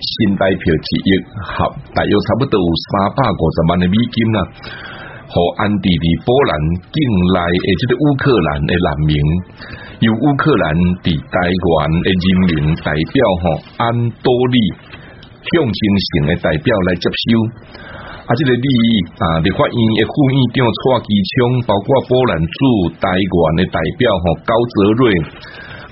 新代票之一，大約差不多三百五十萬美金安地利、波蘭、境內以烏克蘭嘅難民，由烏克蘭啲代表團人民代表安多利向前進嘅代表來接收，啊，即係啲啊立法院嘅副院長蔡其昌，包括波蘭駐台灣嘅代表高澤瑞。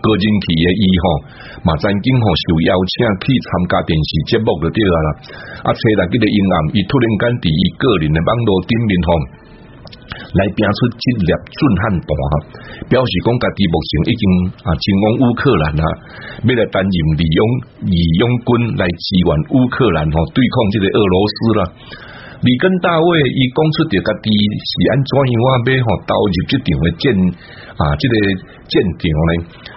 高人氣嘅伊吼嘛曾經吼受邀請去參加電視節目着對啦，啊！前日即個英暗，伊突然間佇伊個人嘅網絡頂面，吼來拼出一粒震撼彈，表示講家己目前已經啊前往烏克蘭啊，欲來擔任利用義勇軍來支援烏克蘭吼對抗這個俄羅斯啦。你跟大衛伊講出的家己是安怎樣啊？欲吼投入即場嘅戰啊，即個戰場咧。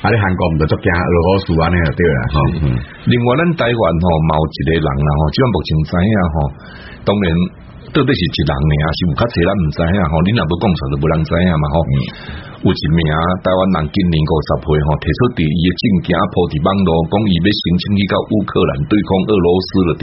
啊！你韓國唔就做驚俄羅斯安尼啊？對、嗯、啦，好、嗯。另外，咱台灣吼，有一個人啦吼，即滿目前唔知影啊吼。當然，到底是一人呢啊，是唔較儕咱，唔知啊吼。你若要講出來著無人知影嘛吼。有一名啊，台灣人，今年五十歲吼，提出第一個證件啊破佇網絡，講伊要申請去到烏克蘭對抗俄羅斯了，對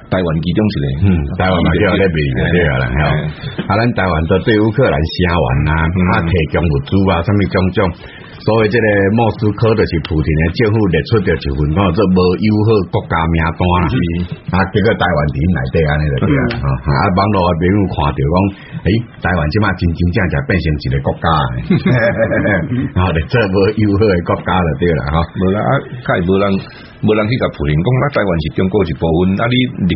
台灣其中嚟，嗯，台灣咪就呢邊就啲啦，係嘛？啊，咱台灣都對烏克蘭下云啊、嗯，啊，提供物資啊，什物種種，所以呢個莫斯科就是普丁的政府列出條一份告、嗯，做無友好國家名單啦、嗯，啊，結果這個台灣人嚟啲啊，呢度啊，阿網絡啊俾有看到講，誒、欸，台灣即刻真真正正變成一個國家、啊，然後咧，做無友好國家啦，對啦，哈，冇人啊，係、嗯、冇、啊、人，冇人去個普丁講，阿、啊、台灣是中國一部分，阿、啊、你。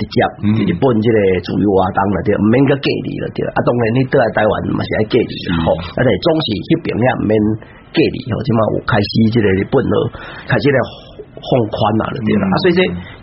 直、嗯、接，直接日本這個主流啊，當然了，對，唔免個隔離了，對了，啊，當然你都在台灣、哦，唔是要隔離，的啊，但總是那邊也唔免隔離，好，起碼開始這個日本了，開始來放寬了，對、嗯、了，啊，所以說。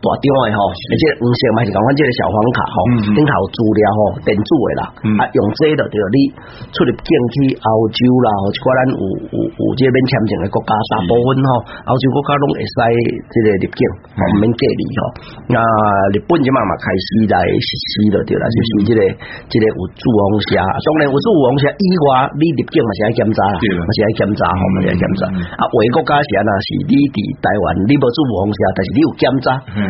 大張話吼，而且黃少嘛是講翻這個小黃卡吼，頂、嗯嗯、頭資料吼，電子嘅啦，嗯、啊用這個就對啦。你出入境去澳洲啦，好似寡咱有有有，有這個免簽證嘅國家三部分吼、嗯，澳洲國家攏會使這個入境，唔免隔離吼。那日本就慢嘛開始來實施了，對啦，就是，是這個這個有無注黃沙，當然無注黃沙，以外你入境嘛是要檢查啦，嘛、啊、是要檢查，嘛、嗯、是要檢查。嗯、啊，嗯、外的國家時啊是你佇台灣你無注黃沙，但是你有檢查。嗯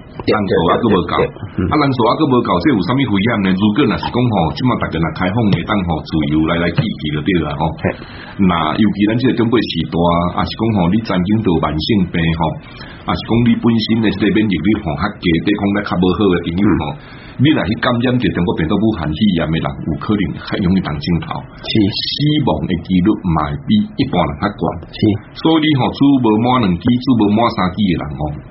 人做阿哥無夠，阿難做阿哥無夠，即、嗯、有什物危險呢？如果若是講吼，即嘛逐家若開放嘅，當吼自由來來去去就對啦，吼，嗱，尤其咱即係中國時代，阿是講吼，你曾經都慢性病吼，阿是講你本身呢，即個免疫力吼較低，抵抗力較無好的朋友吼，你若去感染嘅中國病毒武漢肺炎的人，有可能較容易得鏡頭，死亡的幾率嘛，係比一般人較懸。是，所以你嗬，豬無滿兩劑，豬無滿三劑的人吼。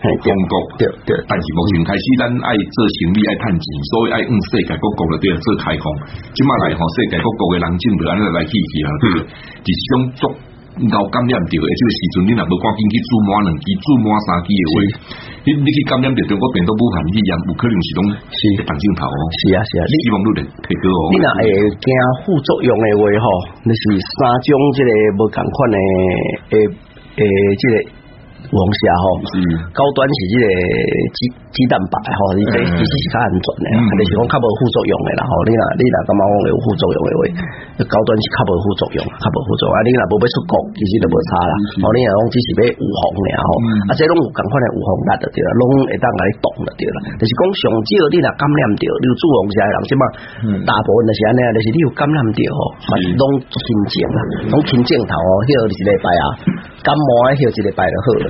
國，國對，對，但是目前開始，咱愛做生意，愛趁錢，所以愛用世界各國的對做開放。今物嚟，世界各國的人真係安來嚟去去，就想做牛感染調。而呢個時陣，你若唔趕緊去注滿，兩支注滿三支的話，你你去感染調，中國病毒武漢肺炎，有可能始終一啖頭哦。是啊是啊，希望都嚟睇哦，你若會驚副作用的話吼，你是三種即個無共款嘅誒誒，即、這個。王下吼，高端是呢個雞雞蛋白吼，呢啲其實係較安全嘅，就是講較冇副作用嘅啦，吼。你若你若感覺講有副作用嘅話，高端是較冇副作用，較冇副作用，啊、你若無要出國其實都冇差啦，吼。你若講只是要護防嘅吼，啊即攏有共款嘅預防得對啦，攏會當嚟凍得對啦，就是講上少你若感染到，你有做王下人即嘛，大部分就是安尼啊。就是你有感染到吼，啊，攏平靜啊，攏平靜頭哦，呢一禮拜啊，感冒呢一禮拜就好。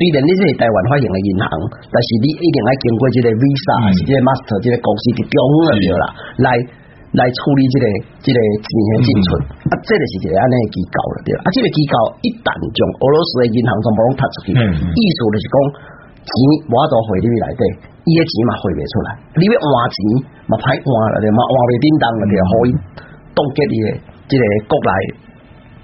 雖然你是台灣發行的銀行，但是你一定要經過即個 Visa、嗯、即個 Master、即個公司嘅中央啦、嗯，來來處理即、這個即、這個錢的進出。啊，即個係一個安尼的機構啦，對啦。啊，即、這個機構一旦將俄羅斯的銀行全部攏踢出去嗯嗯，意思就是講錢無法度匯入來，伊的錢嘛匯未出來，你要換錢嘛，歹換啦，啲咪換嚟叮噹，我哋可以凍結啲的即個國內。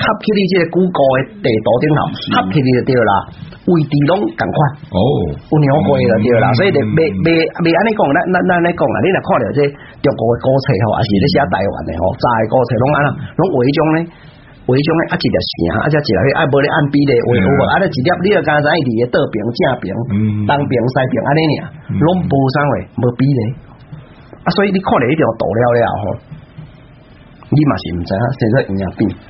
合起嚟即個谷歌嘅地圖頂頭，合起嚟就對啦，位置攏共款，哦，我兩過就對啦，所以你未未未安尼講，咱咱咱安尼講啦，你若看着個中國嘅高鐵吼，還是啲寫台灣吼，哦，再高鐵攏安尼攏迄種咧，迄種咧，一條線，一條線，按比例，畫好，我我，一條你著敢知影在佇誒倒邊正邊、當邊西邊安尼爾攏無雙嘅，無比例、嗯。啊，所以你看着一條了了吼，你嘛是毋知影啊，成日陰陽變。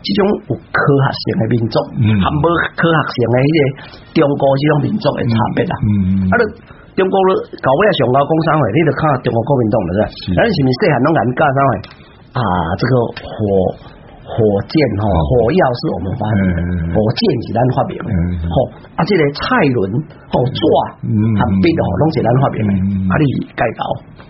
這種有科學性嘅民族，和無科學性嘅呢隻中國呢種民族的差別啦。嗯嗯嗯嗯啊，你中國你九廿上屆工商聯，你就看中國各民族嚟嘅。嗱，你係咪細漢攏研究啲？啊，這個火火箭、火藥是我們發明的，嗯嗯嗯嗯火箭是咱發明的。好、嗯嗯，嗯嗯嗯嗯、啊，這個蔡倫、好紙、啊筆，都係攏是咱發明的。嗯嗯嗯嗯嗯嗯嗯嗯啊，你介紹。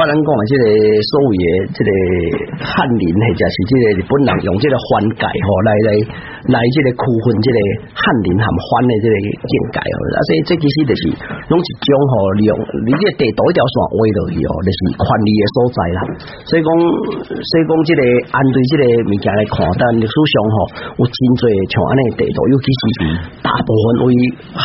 不能講係即個所謂嘢，即個漢人或者是即日本人用即個緩解嗬，嚟嚟嚟即係區分即係漢人和緩嘅即係境界。所以，即其實就是攏一種嗬利用你即個地圖一條線劃落去，就是權力嘅所在啦。所以講，所以講，即個針對即個物件來看待歷史上嗬，有真多像安呢嘅地圖，尤其是大部分為漢。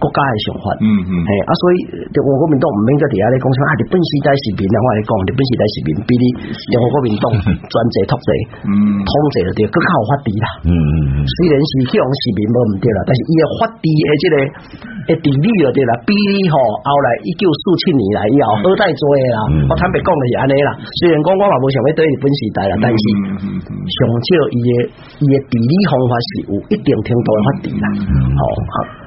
國家嘅想法嗯，係、嗯、啊，所以我嗰邊都唔應該點說你講出啊？日本時代視頻，我跟你講日本時代視民比你中國國民黨專制統治，統治嗰啲更加有法治啦。嗯嗯嗯，雖然是希望市民冇唔掂啦，但是伊的法治係即係，係治理就啲啦，比你、喔、後來一九四七年嚟以後好大做嘅啦、嗯。我坦白講係安尼啦，雖然講我話冇想要對日本時代啦，嗯、但是用照伊的，伊的治理方法是有一定程度嘅法治啦、嗯。好。好